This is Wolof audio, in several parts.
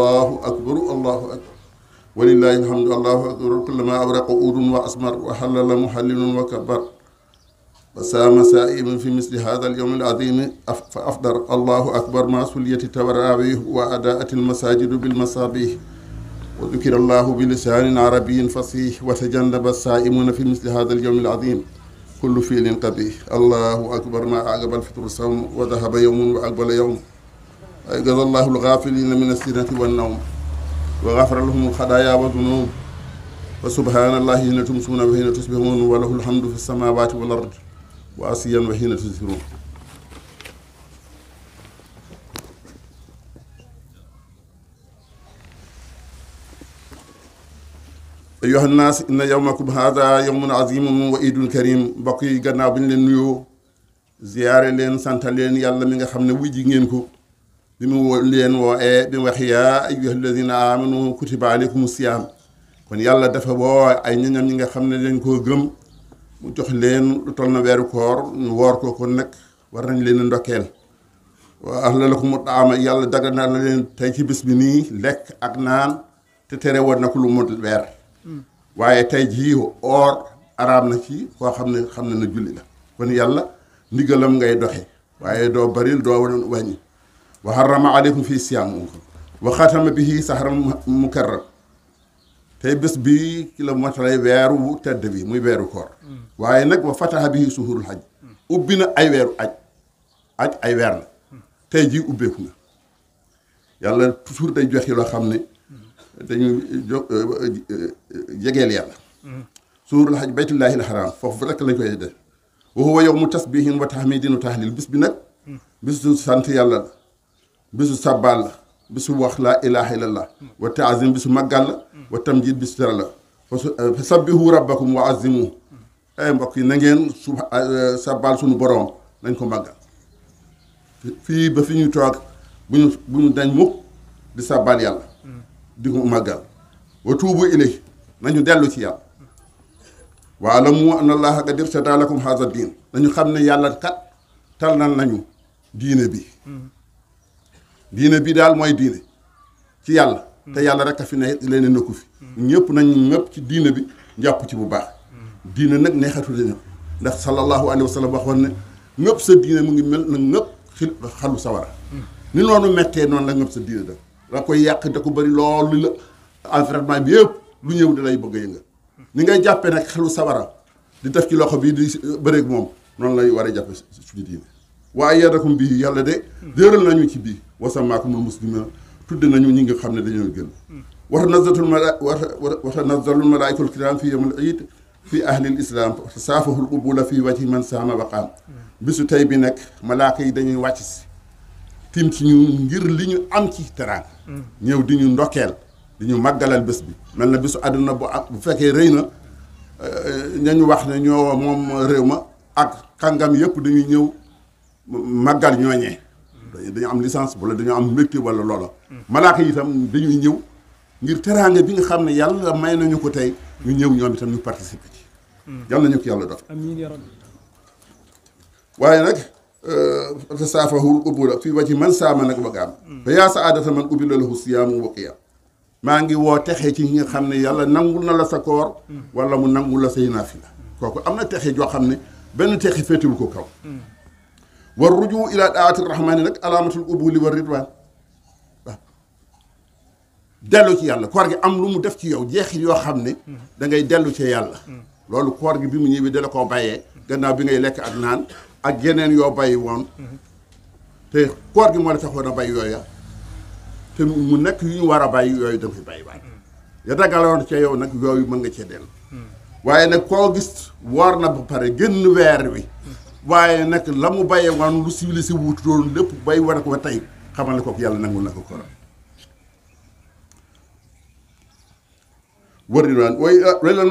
allahu akbar allahu akbar walillahi alhamdu allahu akbar kullama abraqa uudun wa asmar wa halala muhallilun wa kabbar وسام سائم في مثل هذا اليوم العظيم فأفضل الله أكبر مع سلية التراويح وأداءة المساجد بالمصابيح وذكر الله بلسان عربي فصيح وتجنب السائمون في مثل هذا اليوم العظيم كل فيل قبيح الله أكبر ما أعقب الفطر الصوم وذهب يوم وأقبل يوم وأيقظ الله الغافلين من السنة والنوم وغفر لهم الخطايا والذنوب وسبحان الله حين تمسون وحين تصبحون وله الحمد في السماوات والأرض وعصيا وحين تسهرون ayyuha nnaas inna yawmakum haada yawmun azimun wa iidun karim mbokk yi gannaaw bi ñu leen nuyoo ziyaare leen sant leen yàlla mi nga xam ne wuy ji ngeen ko bi mu woo leen wooyee bi mu wax yaa ayyuha alladina amanu kutiba aleykum siyaam kon yàlla dafa boo ay ñoñam ñi nga xam ne leen koo gëm mu jox leen lu toll na weeru koor ñu woor ko kon nag war nañ leen ndokkeel wa ahla lakum taama yàlla dagal na leen tey ci bis bi nii lekk ak naan te tere woon na ko lu mu weer mm. waaye tey jii or araam na ci koo xam ne xam ne na julli la kon yàlla ndigalam ngay doxe waaye doo baril doo wàññi wa ma aleykum fii siyaamu wa xatama bihi saxaral mukarram tey bés bi ci la motalay weeru tedd bi muy weeru koor waaye nag wa fataha bihi suhurul haj ubbi na ay weeru aj aj ay weer la tey jii ubbeeku na yàlla toujours day joxe loo xam ne dañu jo euh, euh, jegeel yàlla suhurul haj baytullaahi alxaraam foofu rek lañ koy def wa huwa yawmu tasbihin wa tahmidin wa tahlil bis bi nag bisu sant yàlla bisu sàbbaal la bisu wax laa ilaha illallah wa taazim bisu màggal la wa tamjid bisu dara la fa sabbihu rabbakum wa azimu yi na ngeen su sàbbaal suñu boroom nañ ko màggal fii ba ñu toog bu ñu bu ñu dañ mukk di nañu dellu ci yàlla wa alamu anna allaha qad irtada lakum haza diin nañu diine bi diine bi daal mooy diine ci yàlla te yàlla rek a fi ne leen nekku fi ñëpp nañu ñëpp ci diine bi njàpp ci bu baax diine nag neexatul ñëpp ndax sallallahu alayhi wa sallam waxoon ne ñëpp sa diine mu ngi mel na ñëpp xil xalu sawara ni noonu mettee noonu la ñëpp sa diine def la koy yàq da ko bari loolu la environnement bi yëpp lu ñëw da lay bëgg a yëngal ni ngay jàppee nag xelu sawara di def ci loxo bii di bëreeg moom noonu lay war a jàppe suñu diine waaye yadakum bii yàlla de déeral nañu ci bii wasamaakumul muslimina tudde nañu ñi nga xam ne dañoo gën wata nazatul mala wata nazalul malaaykatul kiram fii yawmul iid fii ahlil islam saafahul qubula fii wajhi man saama baqaam bisu tey bi nag malaaka yi dañuy wàcc si tim ci ñu ngir li ñu am ci teraanga ñëw di ñu ndokkeel di ñu màggalal bés bi mel na bisu àdduna bu am bu fekkee rëy na euh, ñañu wax ne ñoo moom réew ma ak kàngam yëpp dañuy ñëw màggal ñooñee dañu am licence wala dañoo am mbégte wala loola malaaka yitam bi dañuy ñëw ngir teraanga bi nga xam ne yàlla may nañu ko tey ñu ñëw ñoom itam ñu participer ci hmm. yàlla nañu ko yàlla def amiin yaa rabbi waaye nag te euh, saafahul fii wa ci man saama nag wagaam hmm. fa yaa sa aadata man ubbi la maa ngi woo texe ci ñi nga xam ne yàlla nangul na la sa koor hmm. wala mu nangul la say naafi la kooku am na texe joo xam ne benn texe féetewul ko kaw war rujuu ilaa daati rahmaani nag alaamatul ubuli war ridwaan waaw dellu ci yàlla koor gi am lu mu def ci yow jeexit yoo xam ne da ngay dellu ci yàlla loolu koor gi bi mu ñëwee dala koo bàyyee gannaaw bi ngay lekk ak naan ak yeneen yoo bàyyi woon te koor gi moo la taxoon a bàyyi yooya te mu nekk yu ñu war a bàyyi yooyu danga fi bàyyi waay ya dagaloon ca yow nag yooyu mën nga cee dellu hmm. waaye nag koo gis woor nag ba pare génn weer wi waaye nag la mu bàyyee woon lu civilisé wut loolu lépp bay war a ko ba tey xamal ne ko yàlla nangul na ko koram war ridwaan way lan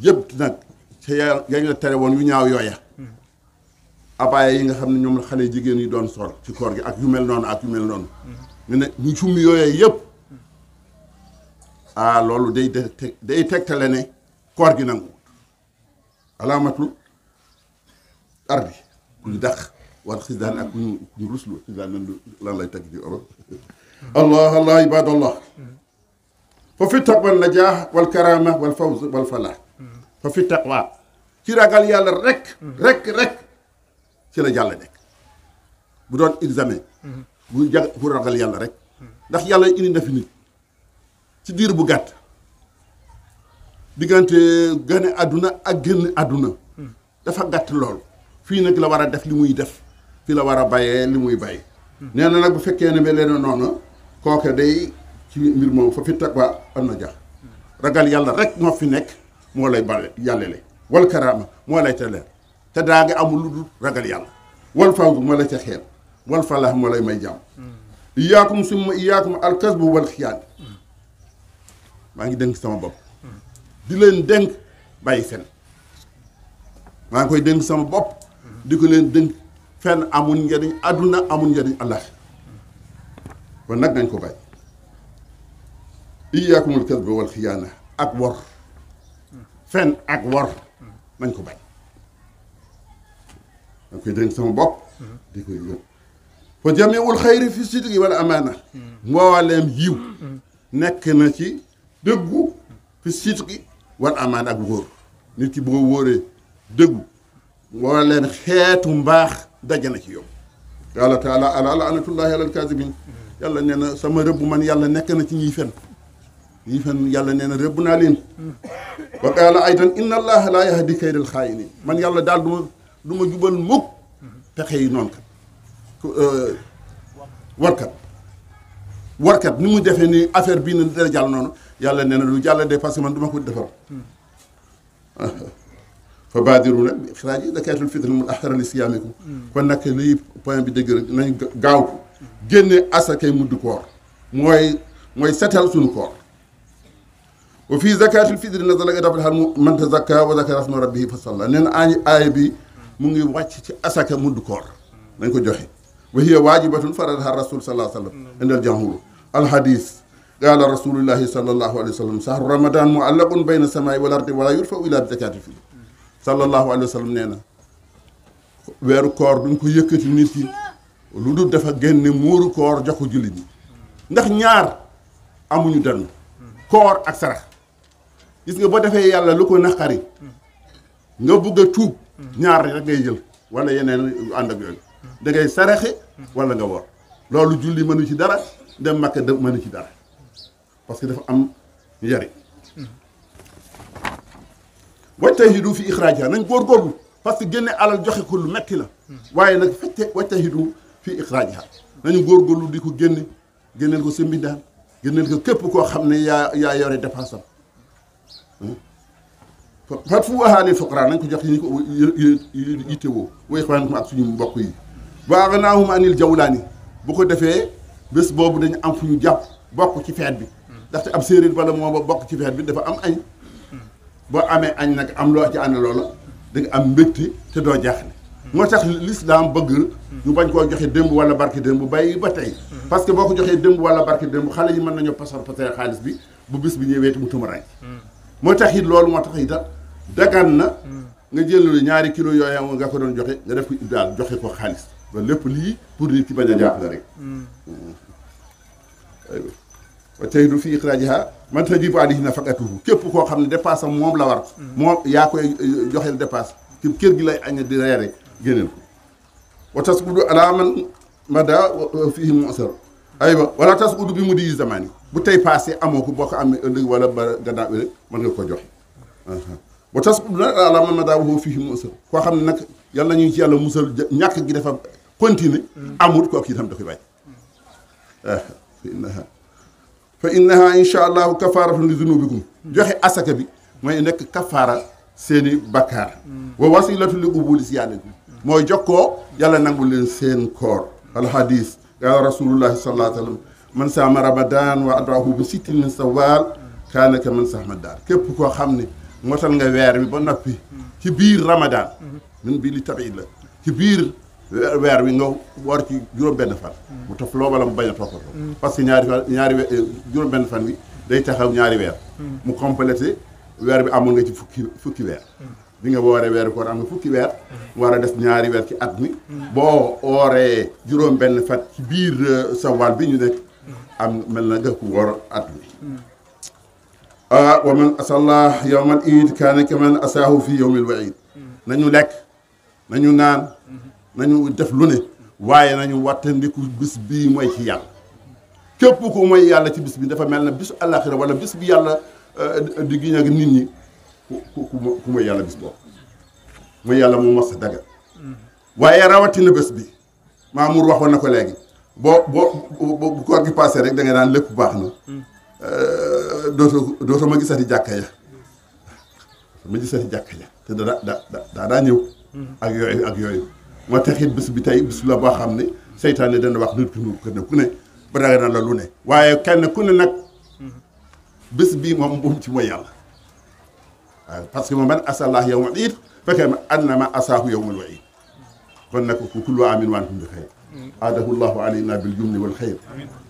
yëpp nag ca yaa ngi la tere woon yu ñaaw yooya abaaya yi nga xam ne ñoom xale jigéen yi doon sol ci koor gi ak yu mel noonu ak yu mel noonu ñu ne ñu summi yooya yëpp ah loolu day day tegtale ne koor gi nangu alaamatul ardi ku ñu dàq wala xisdaan ak ku ñu ku ñu ruslu xisdaan nan lan lay teg di oro allah allah ibadallah fa fi taqwa najaax wal karama wal fawz wal falaax fa fi taqwa ci ragal yàlla rek rek rek ci la jàll nekk bu doon examen mm-hmm. bu jag bu ragal yàlla rek ndax yàlla indi na fi nit ci diir bu gàtt diggante gane àdduna ak génn àdduna dafa gàtt lool fii nag la war a def li muy def fii la war a bayee li muy bay nee na nag bu fekkee ne ba noonu kooke day ci mbir moom fa fi taqwa am na jax ragal yàlla rek moo fi nekk moo lay bale yàllale wal karaama moo lay te leer te daa nga amul lu dul ragal yàlla wal fa moo lay ca xeer wal falaax moo lay may jàmm iyaakum summa iyaakum alkas bu wal xiyaat maa ngi dénk sama bopp di leen dénk bàyyi fen maa ngi koy dénk sama bopp di ko leen dénk fenn amul njariñ àdduna amul njariñ allah kon nag nañ ko bàyyi iyaakumul kasb wal xiyaana ak wor fen ak wor nañ ko bàyyi danga koy dénk sama bopp di koy yóbbu fa jamiul xayri fi sidqi wal amaana mbooleem yiw nekk na ci dëggu fi gi war amaan ak wóor nit ki boo wóoree dëggu woo leen xeetu mbaax daje na ci yow yàlla taala ala laanatullahi alal kaasibin yàlla nee na sama rëbb man yàlla nekk na ci ñiy fen ñiy fen yàlla nee na rëbb naa leen wa qaala aydan inna allaha laa yahdi kaydal xaayinin man yàlla daal du ma du ma jubal mukk pexe yi noonu kat euh, warkat warkat ni mu defee ni affaire bii na dara jàll noonu yàlla nee na lu jàll de parce que man duma ma ko defar fa baadiru nag xiraaj yi zakatul fitr mu axara li siyaamikum kon nag lii point bi dëgg rek nañ gaaw ko génne asakay mudd koor mooy mooy setal suñu koor wa fii zakatul fitr nazala nga dafa xam man tazakka wa zakara asma rabbihi fa nee na aay aay bi mu ngi wàcc ci asaka mudd koor nañ ko joxe wa hiya waajibatun faradaha rasul sallallahu alayhi wa sallam indal jamhur alhadis qaala rasulullahi sallallahu alayhi wa sallam sahru ramadan muallaqun bayna samaai wal ardi wala yurfau ila zakaati fi sallallahu alayhi wa sallam nee na weeru koor duñ ko yëkkati nit yi lu dul dafa génne muuru koor jox ko jullit ñi ndax ñaar amuñu dann koor ak sarax gis nga ba defee yàlla lu ko naqari nga bugg a tuub ñaar rek ngay jël wala yeneen ànd ak yooyu da ngay saraxe wala nga wor loolu julli mënu ci dara dem makka dem mënu ci dara parce que dafa am njariñ wajtahidu fi ixraajiha nañ góorgóorlu parce que génne alal joxe ko lu metti la waaye nag fajte wajtahidu fi ixraajiha nañu góorlu di ko génne génneel ko sembindaan génneel ko képp koo xam ne yaa yaa yore dépense am fat fu waxaanee foqara nañ ko jox ñu ko yittewoo wa ixwaanakum ak suñu mbokk yi waa ganaahum anil jawlaani bu ko defee bés boobu dañu am fu ñu jàpp bokk ci feet bi ndaxte ab séeréer wala moo ba bokk ci feet bi dafa am añ boo amee añ nag am loo ci ànd loola da nga am mbégte te doo jaaxle moo tax lislaam bëgg ñu bañ koo joxe démb wala barki démb bay ba tey parce que boo ko joxee démb wala barki démb xale yi mën nañoo pasar pasar xaalis bi bu bis bi ñëwee mu tumuraay moo tax it loolu moo tax itam dagan na nga jël ñaari kilo yooya nga ko doon joxe nga def ko daal joxe ko xaalis loolu lépp lii pour nit ki bañ a jaaxle rek mm. Mm. tey du fi ikraajiha man tajibu alayhi nafaqatuhu képp koo xam ne dépasse am moom la war moom yaa koy eh, joxeel dépasse ci kër gi lay aña di reere génneel ko wa tasbudu ala man mada fihi musar aywa wala tasbudu bi mu di zamani bu tey passé amoo ko boo ko amee ëllëg wala ba gannaaw ëllëg mën nga ko joxe wa tasbudu nag ala man mada woo fihi musar koo xam ne nag yàlla nañu ci yàlla musal ñàkk gi dafa continuer mm. amul kooku itam da koy bàyyi fa innaha insha allahu kafaaratun li zunubikum joxe asaka bi mooy nekk kafaara seeni bakkaar wa wasilatu li ubuli si yàlla mooy jokkoo yàlla nangu leen seen koor alhadis qaala rasulullahi sallallahu alayhi wa sallam man saama ramadan wa adrahu bi sittin min sawaal kaana man saama daar képp koo xam ni motal nga weer bi ba noppi ci biir ramadan min bi li tabiit la weer bi nga war ci juróom-benn fan. Mm. mu toog loo wala mu bañ a toppatoo. Mm. parce que ñaari fan ñaari weer eh, juróom-benn fan bi day taxaw ñaari weer. Mm. mu complété weer bi amoon nga ci fukki fukki weer. bi nga wooree weeru koor am nga fukki weer. war a des ñaari weer ci at mi. boo ooree juróom-benn fan ci biir eh, sawaal bi ñu nekk. am mel na nga ko woor at mi. ah wa man asalla yawmal iid kaana asaahu fi yawmil wa'iid nañu lekk nañu naan. Mm-hmm. nañu def lu ne waaye nañu wattandiku bis bii mooy ci yàlla képp ko mooy yàlla ci bis bi dafa mel ne bisu àllaaxira wala bis bi yàlla euh, di giñ ak nit ñi ku ku mooy yàlla bis boobu mooy yàlla mu mos daga mm-hmm. waaye rawatina bés bi Mamour waxoon na ko léegi boo boo bu koor gi passé rek da nga naan lépp baax na mm. euh, dootoo dootoo ma gisati jàkka ya ma gisati jàkka ya te da daa daa daa ñëw mm-hmm. ak yooyu ak yooyu moo tax it bi tey bés la boo xam ne seytaane dana wax nit ku ñuul ko ne ku ne ba dara na la lu ne waaye kenn ku ne nag bés bii moom bu mu ci mooy yàlla waaw parce que moom man asallah yow ma it fekkee ma annama asaahu yow ma lu it kon nag ku kullu amin wa antum bi xayr aadahu llahu alayna bil jumni wal xayr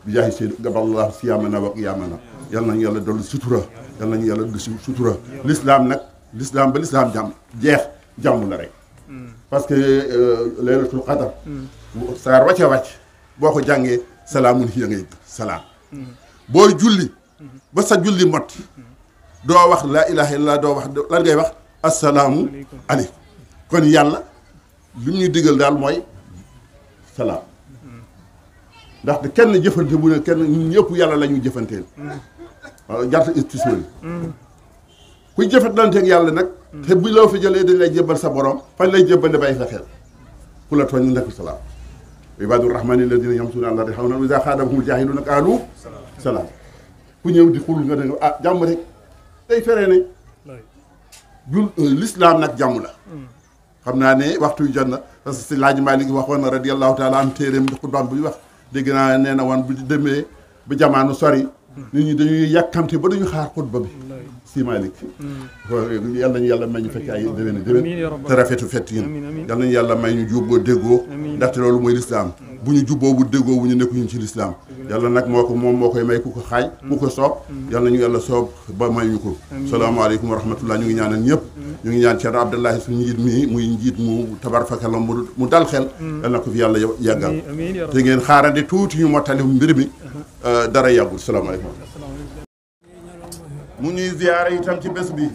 bi jaahi seen gaballahu siyaamana wa qiyaamana yal nañu yàlla dolli sutura yal nañu yàlla dolli sutura l'islam nag l'islam ba l'islam jàmm jeex jàmm parce que euh, laylatul qadar mm. saar wàcce wàcc boo ko jàngee salaamun hiya ngay salaam mm. booy julli mm-hmm. ba sa julli mot mm-hmm. doo wax laa ilaha illallah doo wax lan ngay wax assalaamu aleykum kon yàlla li mu ñu digal daal mooy salaam mm-hmm. ndaxte kenn jëfante bu ne kenn ñëpp yàlla la ñu jëfanteel waaw kuy jëfanteeg yàlla nag Mm. te bu loo fi jëlee dañ lay jébbal sa borom fañ lay jébbal di bàyyi sa xel ku la tooñ nekkul salaam ibaadu rahmani alladina yamsuuna ala ardi hawnan wa iza xaadabahumul jaahiluuna qaalu salaam ku ñëw di xul nga ne ah jàmm rek tey feree nañ jul euh, l'islam nag jàmm la xam naa ne waxtu yu jot na parce que si laaj Maalik waxoon na radiyallahu taala am téeréem di xutbaam bu ñu wax dégg naa nee na wan bu demee ba jamaanu sori nit ñi dañuy yàkkamte ba duñu xaar xutba bi si Malick hmm. yal yàlla may ñu fekk ay déwén déwén te rafetu fett yi yal nañu yàlla may ñu jubboo déggoo ndaxte loolu mooy lislaam hmm. bu ñu jubboo bu déggoo bu ñu nekkuñu ci lislaam hmm. yàlla nag moo ko moom moo koy may ku ko xaaj ku ko soob yal nañu yàlla soob ba may ñu ko salaamaaleykum wa rahmatullah ñu ngi ñaanal ñëpp ñu ngi ñaan Thierno Abdoulaye suñu njiit mii muy njiit mu tabar fakala mu mu dal xel yal na ko fi yàlla yàggal te ngeen xaarandi tuuti ñu mottali mbir mi uh-huh. uh, dara yàggul salaamaaleykum mu ñuy ziyaare itam ci bés bi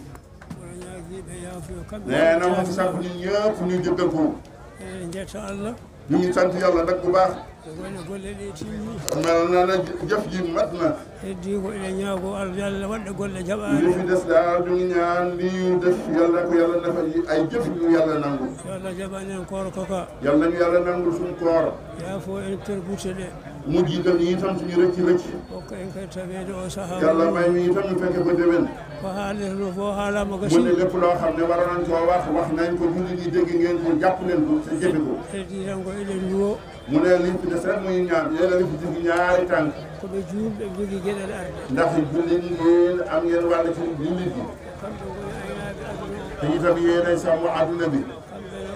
nee na mu sàkk ñun ñëpp ñu jëggal ko ñu ngi sant yàlla nag bu baax mel na na jëf ji mat na heddi ko ina ñaago Allah yàlla waɗa golle jaɓaani li fi des daal ñu ñaan li ñu def yàlla ko yàlla dafa ay jëf ñu yàlla nangu yàlla jaɓaani en koor koka yàlla ñu yàlla nangul suñu koor yaafo en terbuute ɗe mu jiital ñu itam suñu rëcc rëcc yàlla may ñu itam ñu fekke ko déwén mu ne a loo xam ne waroon nañ koo wax wax nañ ko jullit ñi dégg ngeen ko jàpp leen ko te jëfe ko mu ne liñ fi des rek muy ñaan yéen a ngi fi dégg ñaari tànk ndax jullit ngeen am ngeen wàll ci jullit yi te itam yéenay bi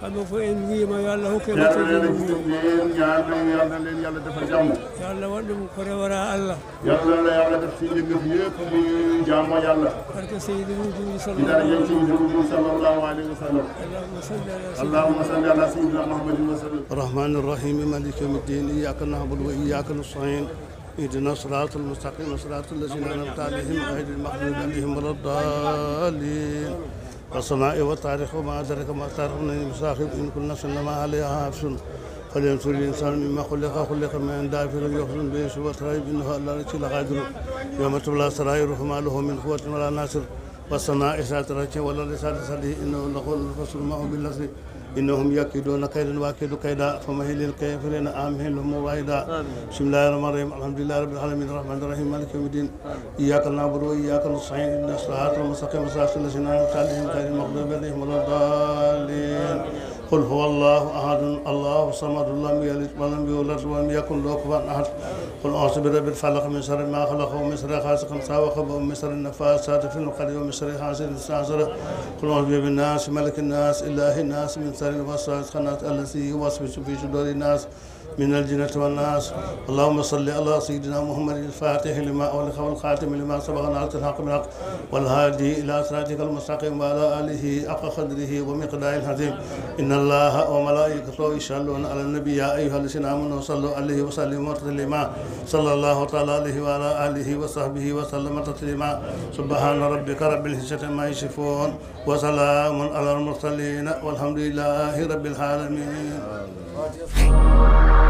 kamɓe fof en wiima yo allah hokkemo yalla len yallah dafa jamma yo allah waɗ ɗum ko rewara allah yallala yallah def siɗe ngef yeppude jamma yallah barka seydi mum jumri sallah ida yencimde ɗum sallallahu alayhi wa sallam allahuma salli ala seyidina mahamadin wa sallam rahmani irrahimi malik yaumi ddin iyaka nahbudu wa iyaka nastain اهدنا الصراط المستقيم صراط الذين انعمت عليهم غير المغضوب عليهم ولا الضالين والسماء والطارق وما أدرك ما الطارق النجم الثاقب إن كل نفس لما عليها حافظ فلينصر الإنسان مما خلق خلق من دافع يخرج به سوى الترائب إنه على رجل لقادر يوم تبلى السرائر فما له من قوة ولا ناصر والسماء ساترة ولا لسات سده إنه لقول الفصل ما هو باللسل innahum yakiduuna kaydan wa akiidu kayda fa mahilil kaafiriina amhilhum wayda bismillaahi rahmaani rahiim alhamdulillaahi rabbil aalamiin rahmaani rahiim maaliki yawmi diin iyyaaka na'budu wa iyyaaka nasta'iin ihdinas siraatal mustaqiim siraatal laziina an'amta alayhim ghayril maghduubi alayhim wa lad-daalliin قل هو الله أحد الله الصمد لم يلد ولم يولد ولم يكن له كفوا أحد قل أعوذ برب الفلق من شر ما خلق ومن شر غاسق إذا وقب ومن شر النفاثات في العقد ومن شر حاسد إذا حسد قل أعوذ برب الناس ملك الناس إله الناس من شر الوسواس الخناس الذي يوسوس في صدور الناس من الجنة والناس اللهم صل على سيدنا محمد الفاتح لما أغلق والخاتم لما سبق ناصر الحق بالحق والهادي إلى صراطك المستقيم وعلى آله حق قدره ومقداره العظيم إن الله وملائكته يصلون على النبي يا أيها الذين آمنوا صلوا عليه وسلموا تسليما صلى الله تعالى عليه وعلى آله وصحبه وسلم تسليما سبحان ربك رب العزة ما يصفون وسلام على المرسلين والحمد لله رب العالمين Adiós.